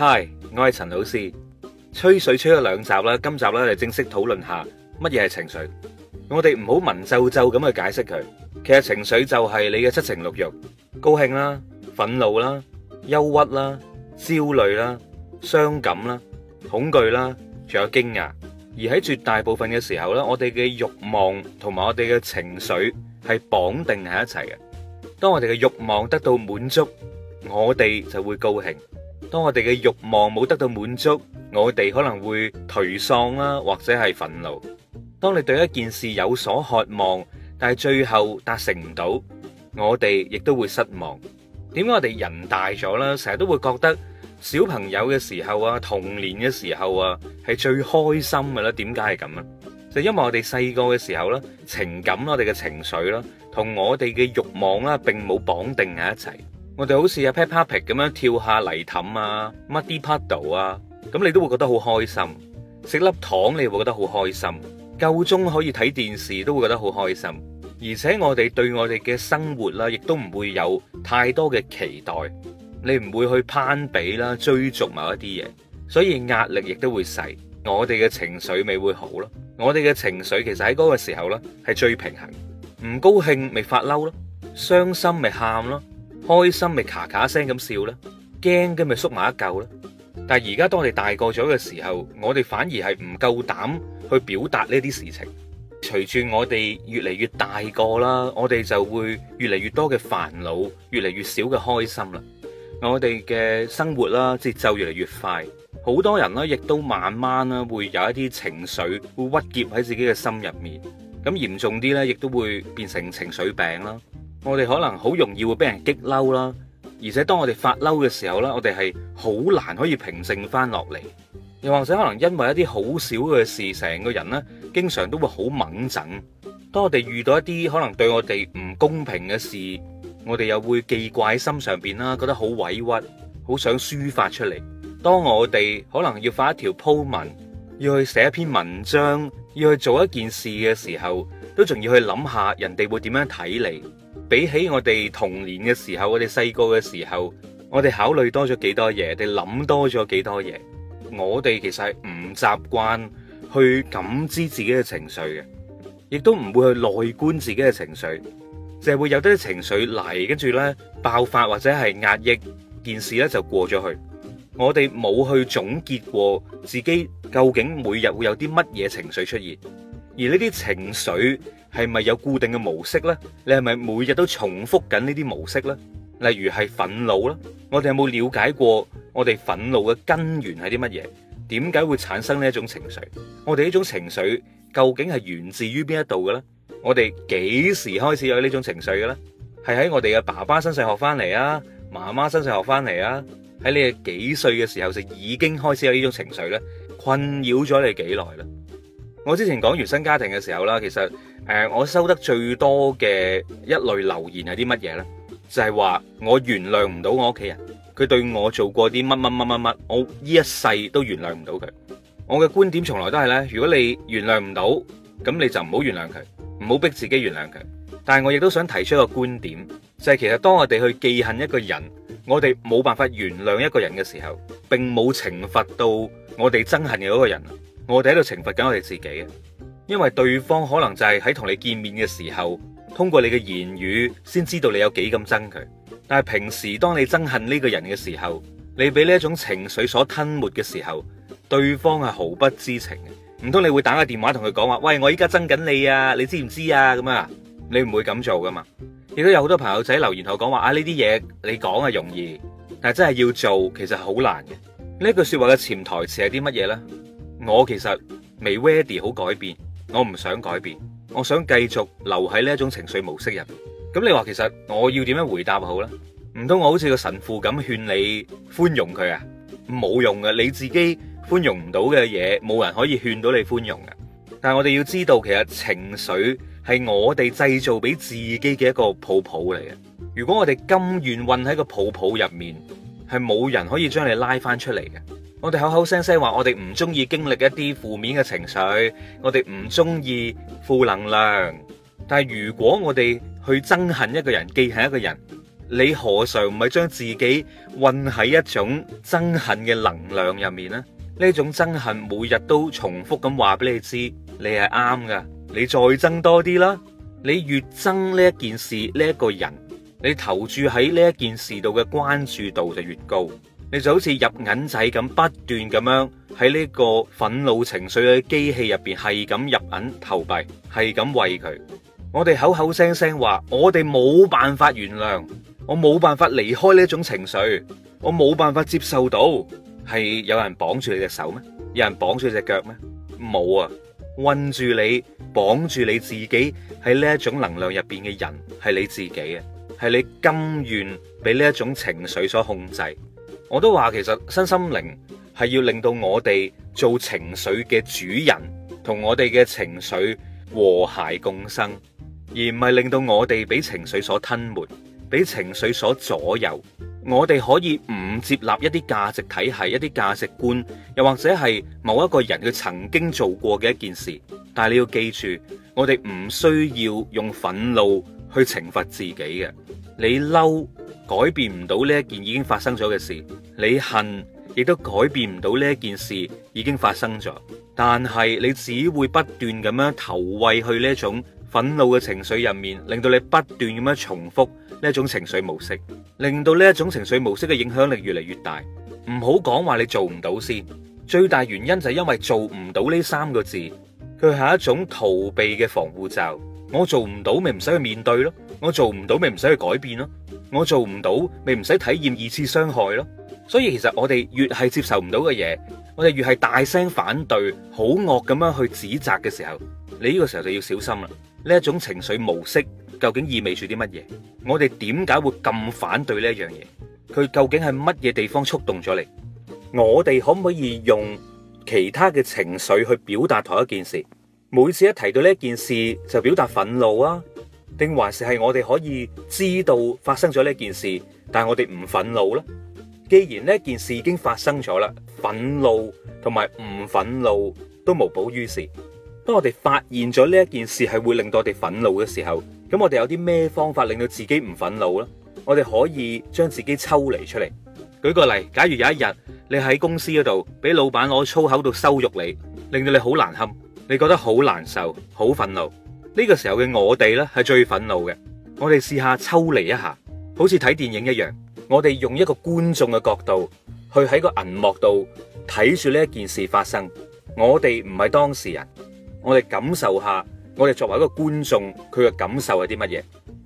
嗨，我係陳老師，吹水吹咗兩集啦，今集咧就正式討論下乜嘢係情緒。我哋唔好文縐縐咁去解釋佢，其實情緒就係你嘅七情六欲，高興啦、憤怒啦、憂鬱啦、焦慮啦、傷感啦、恐懼啦，仲有驚訝。而喺絕大部分嘅時候咧，我哋嘅欲望同埋我哋嘅情緒係綁定喺一齊嘅。當我哋嘅欲望得到滿足，我哋就會高興。當我哋嘅欲望冇得到滿足，我哋可能會頹喪啦，或者係憤怒。當你對一件事有所渴望，但係最後達成唔到，我哋亦都會失望。點解我哋人大咗啦，成日都會覺得小朋友嘅時候啊，童年嘅時候啊，係最開心嘅啦？點解係咁啊？就因為我哋細個嘅時候咧，情感我哋嘅情緒啦，同我哋嘅欲望啊，並冇綁定喺一齊。我哋好似阿 Peppa Pig 咁樣跳下泥凼啊，muddy puddle 啊，咁、啊、你都會覺得好開心。食粒糖你會覺得好開心。夠鐘可以睇電視都會覺得好開心。而且我哋對我哋嘅生活啦，亦都唔會有太多嘅期待。你唔會去攀比啦，追逐某一啲嘢，所以壓力亦都會細。我哋嘅情緒咪會好咯。我哋嘅情緒其實喺嗰個時候呢，係最平衡。唔高興咪發嬲咯，傷心咪喊咯。開心咪咔咔聲咁笑啦，驚咁咪縮埋一嚿啦。但係而家當你大個咗嘅時候，我哋反而係唔夠膽去表達呢啲事情。隨住我哋越嚟越大個啦，我哋就會越嚟越多嘅煩惱，越嚟越少嘅開心啦。我哋嘅生活啦節奏越嚟越快，好多人啦亦都慢慢啦會有一啲情緒會鬱結喺自己嘅心入面，咁嚴重啲咧亦都會變成情緒病啦。我哋可能好容易會俾人激嬲啦，而且當我哋發嬲嘅時候啦，我哋係好難可以平靜翻落嚟，又或者可能因為一啲好小嘅事，成個人咧經常都會好猛震。當我哋遇到一啲可能對我哋唔公平嘅事，我哋又會記掛喺心上邊啦，覺得好委屈，好想抒發出嚟。當我哋可能要發一條鋪文，要去寫一篇文章，要去做一件事嘅時候，都仲要去諗下人哋會點樣睇你。比起我哋童年嘅時候，我哋細個嘅時候，我哋考慮多咗幾多嘢，你諗多咗幾多嘢。我哋其實係唔習慣去感知自己嘅情緒嘅，亦都唔會去內觀自己嘅情緒，就係會有啲情緒嚟，跟住咧爆發或者係壓抑，件事咧就過咗去。我哋冇去總結過自己究竟每日會有啲乜嘢情緒出現，而呢啲情緒。係咪有固定嘅模式呢？你係咪每日都重複緊呢啲模式呢？例如係憤怒啦，我哋有冇了解過我哋憤怒嘅根源係啲乜嘢？點解會產生呢一種情緒？我哋呢種情緒究竟係源自於邊一度嘅咧？我哋幾時開始有呢種情緒嘅咧？係喺我哋嘅爸爸身上學翻嚟啊，媽媽身上學翻嚟啊？喺你幾歲嘅時候就已經開始有呢種情緒呢？困擾咗你幾耐啦？我之前講原生家庭嘅時候啦，其實。誒，我收得最多嘅一類留言係啲乜嘢呢？就係話我原諒唔到我屋企人，佢對我做過啲乜乜乜乜乜，我呢一世都原諒唔到佢。我嘅觀點從來都係呢，如果你原諒唔到，咁你就唔好原諒佢，唔好逼自己原諒佢。但係我亦都想提出一個觀點，就係其實當我哋去記恨一個人，我哋冇辦法原諒一個人嘅時候，並冇懲罰到我哋憎恨嘅嗰個人，我哋喺度懲罰緊我哋自己。因為對方可能就係喺同你見面嘅時候，通過你嘅言語先知道你有幾咁憎佢。但係平時當你憎恨呢個人嘅時候，你俾呢一種情緒所吞沒嘅時候，對方係毫不知情嘅。唔通你會打個電話同佢講話？喂，我依家憎緊你啊！你知唔知啊？咁啊，你唔會咁做噶嘛？亦都有好多朋友仔留言同我講話啊。呢啲嘢你講係容易，但係真係要做其實好難嘅。呢句說話嘅潛台詞係啲乜嘢呢？我其實未 ready 好改變。我唔想改變，我想繼續留喺呢一種情緒模式入邊。咁你話其實我要點樣回答好呢？唔通我好似個神父咁勸你寬容佢啊？冇用㗎，你自己寬容唔到嘅嘢，冇人可以勸到你寬容嘅。但係我哋要知道，其實情緒係我哋製造俾自己嘅一個泡泡嚟嘅。如果我哋甘願混喺個泡泡入面，係冇人可以將你拉翻出嚟嘅。我哋口口聲聲話我哋唔中意經歷一啲負面嘅情緒，我哋唔中意負能量。但係如果我哋去憎恨一個人、記恨一個人，你何嘗唔係將自己困喺一種憎恨嘅能量入面呢？呢種憎恨每日都重複咁話俾你知，你係啱㗎。你再憎多啲啦，你越憎呢一件事、呢一個人，你投注喺呢一件事度嘅關注度就越高。你就好似入銀仔咁，不斷咁樣喺呢個憤怒情緒嘅機器入邊，係咁入銀投幣，係咁餵佢。我哋口口聲聲話，我哋冇辦法原諒，我冇辦法離開呢一種情緒，我冇辦法接受到。係有人綁住你隻手咩？有人綁住你隻腳咩？冇啊！困住你、綁住你自己喺呢一種能量入邊嘅人，係你自己啊！係你甘願俾呢一種情緒所控制。我都話其實身心靈係要令到我哋做情緒嘅主人，同我哋嘅情緒和諧共生，而唔係令到我哋俾情緒所吞沒，俾情緒所左右。我哋可以唔接納一啲價值體系、一啲價值觀，又或者係某一個人佢曾經做過嘅一件事。但係你要記住，我哋唔需要用憤怒去懲罰自己嘅。你嬲改變唔到呢一件已經發生咗嘅事。你恨，亦都改變唔到呢一件事已經發生咗。但係你只會不斷咁樣投餵去呢一種憤怒嘅情緒入面，令到你不斷咁樣重複呢一種情緒模式，令到呢一種情緒模式嘅影響力越嚟越大。唔好講話你做唔到先，最大原因就係因為做唔到呢三個字，佢係一種逃避嘅防護罩。我做唔到，咪唔使去面對咯；我做唔到，咪唔使去改變咯；我做唔到，咪唔使體驗二次傷害咯。所以其實我哋越係接受唔到嘅嘢，我哋越係大聲反對，好惡咁樣去指責嘅時候，你呢個時候就要小心啦。呢一種情緒模式究竟意味住啲乜嘢？我哋點解會咁反對呢一樣嘢？佢究竟係乜嘢地方觸動咗你？我哋可唔可以用其他嘅情緒去表達同一件事？每次一提到呢一件事就表達憤怒啊，定還是係我哋可以知道發生咗呢一件事，但係我哋唔憤怒呢？既然呢件事已經發生咗啦，憤怒同埋唔憤怒都無補於事。當我哋發現咗呢一件事係會令到我哋憤怒嘅時候，咁我哋有啲咩方法令到自己唔憤怒呢？我哋可以將自己抽離出嚟。舉個例，假如有一日你喺公司嗰度，俾老闆攞粗口度羞辱你，令到你好難堪，你覺得好難受、好憤怒。呢個時候嘅我哋呢係最憤怒嘅。我哋試下抽離一下，好似睇電影一樣。我哋用一個觀眾嘅角度，去喺個銀幕度睇住呢一件事發生。我哋唔係當事人，我哋感受下，我哋作為一個觀眾佢嘅感受係啲乜嘢？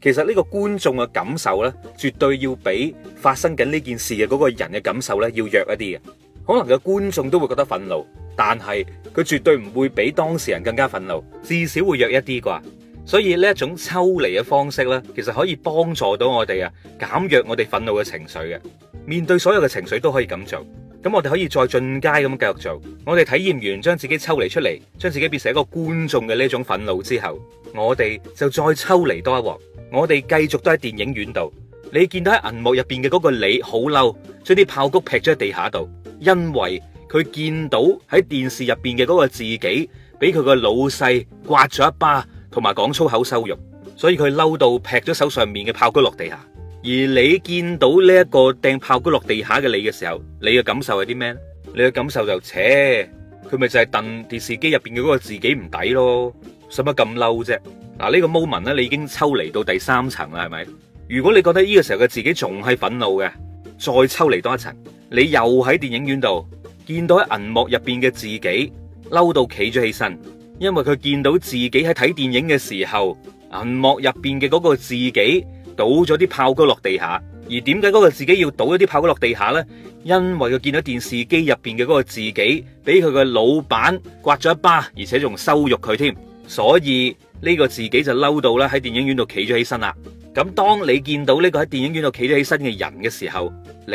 其實呢個觀眾嘅感受呢，絕對要比發生緊呢件事嘅嗰個人嘅感受呢，要弱一啲嘅。可能個觀眾都會覺得憤怒，但係佢絕對唔會比當事人更加憤怒，至少會弱一啲啩。所以呢一種抽離嘅方式呢，其實可以幫助到我哋啊，減弱我哋憤怒嘅情緒嘅。面對所有嘅情緒都可以咁做，咁我哋可以再進階咁繼續做。我哋體驗完將自己抽離出嚟，將自己變成一個觀眾嘅呢種憤怒之後，我哋就再抽離多一鑊。我哋繼續都喺電影院度，你見到喺銀幕入邊嘅嗰個你好嬲，將啲炮谷劈咗喺地下度，因為佢見到喺電視入邊嘅嗰個自己，俾佢個老細刮咗一巴。同埋講粗口羞辱，所以佢嬲到劈咗手上面嘅爆谷落地下。而你見到呢一個掟爆谷落地下嘅你嘅時候，你嘅感受係啲咩？你嘅感受就是，扯、呃，佢咪就係戥電視機入邊嘅嗰個自己唔抵咯，使乜咁嬲啫？嗱、啊、呢、這個 moment 咧，你已經抽離到第三層啦，係咪？如果你覺得呢個時候嘅自己仲係憤怒嘅，再抽離多一層，你又喺電影院度見到喺銀幕入邊嘅自己嬲到企咗起身。因為佢見到自己喺睇電影嘅時候，銀幕入邊嘅嗰個自己倒咗啲炮谷落地下，而點解嗰個自己要倒咗啲炮谷落地下呢？因為佢見到電視機入邊嘅嗰個自己俾佢嘅老闆刮咗一巴，而且仲羞辱佢添，所以呢個自己就嬲到啦喺電影院度企咗起身啦。咁當你見到呢個喺電影院度企咗起身嘅人嘅時候，你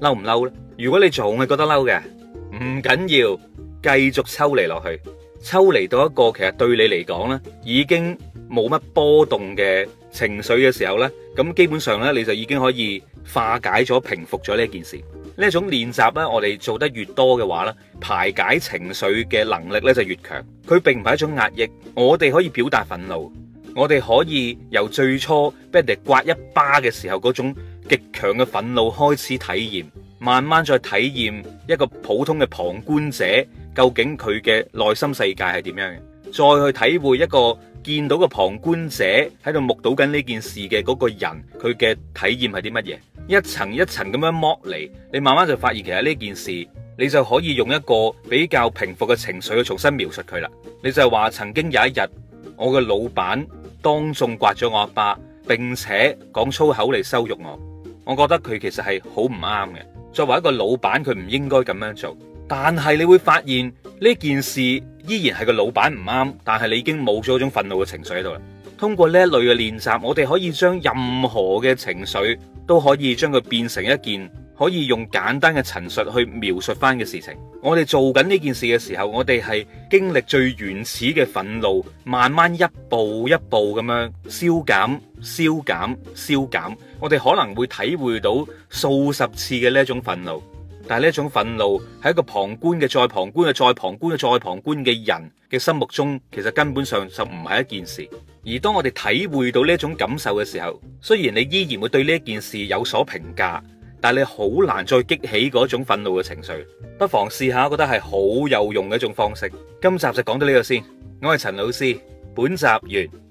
嬲唔嬲咧？如果你仲係覺得嬲嘅，唔緊要，繼續抽離落去。抽離到一個其實對你嚟講咧，已經冇乜波動嘅情緒嘅時候呢，咁基本上呢，你就已經可以化解咗、平復咗呢件事。呢一種練習咧，我哋做得越多嘅話呢，排解情緒嘅能力呢就越強。佢並唔係一種壓抑，我哋可以表達憤怒，我哋可以由最初俾人哋刮一巴嘅時候嗰種極強嘅憤怒開始體驗，慢慢再體驗一個普通嘅旁觀者。究竟佢嘅內心世界係點樣嘅？再去體會一個見到個旁觀者喺度目睹緊呢件事嘅嗰個人，佢嘅體驗係啲乜嘢？一層一層咁樣剝離，你慢慢就發現，其實呢件事你就可以用一個比較平復嘅情緒去重新描述佢啦。你就係話曾經有一日，我嘅老闆當眾摑咗我阿爸，爸，並且講粗口嚟羞辱我。我覺得佢其實係好唔啱嘅。作為一個老闆，佢唔應該咁樣做。但係你會發現呢件事依然係個老闆唔啱，但係你已經冇咗嗰種憤怒嘅情緒喺度啦。通過呢一類嘅練習，我哋可以將任何嘅情緒都可以將佢變成一件可以用簡單嘅陳述去描述翻嘅事情。我哋做緊呢件事嘅時候，我哋係經歷最原始嘅憤怒，慢慢一步一步咁樣消，消減、消減、消減。我哋可能會體會到數十次嘅呢一種憤怒。但係呢一種憤怒，喺一個旁觀嘅再旁觀嘅再旁觀嘅再旁觀嘅人嘅心目中，其實根本上就唔係一件事。而當我哋體會到呢一種感受嘅時候，雖然你依然會對呢件事有所評價，但係你好難再激起嗰種憤怒嘅情緒。不妨試下，我覺得係好有用嘅一種方式。今集就講到呢度先。我係陳老師，本集完。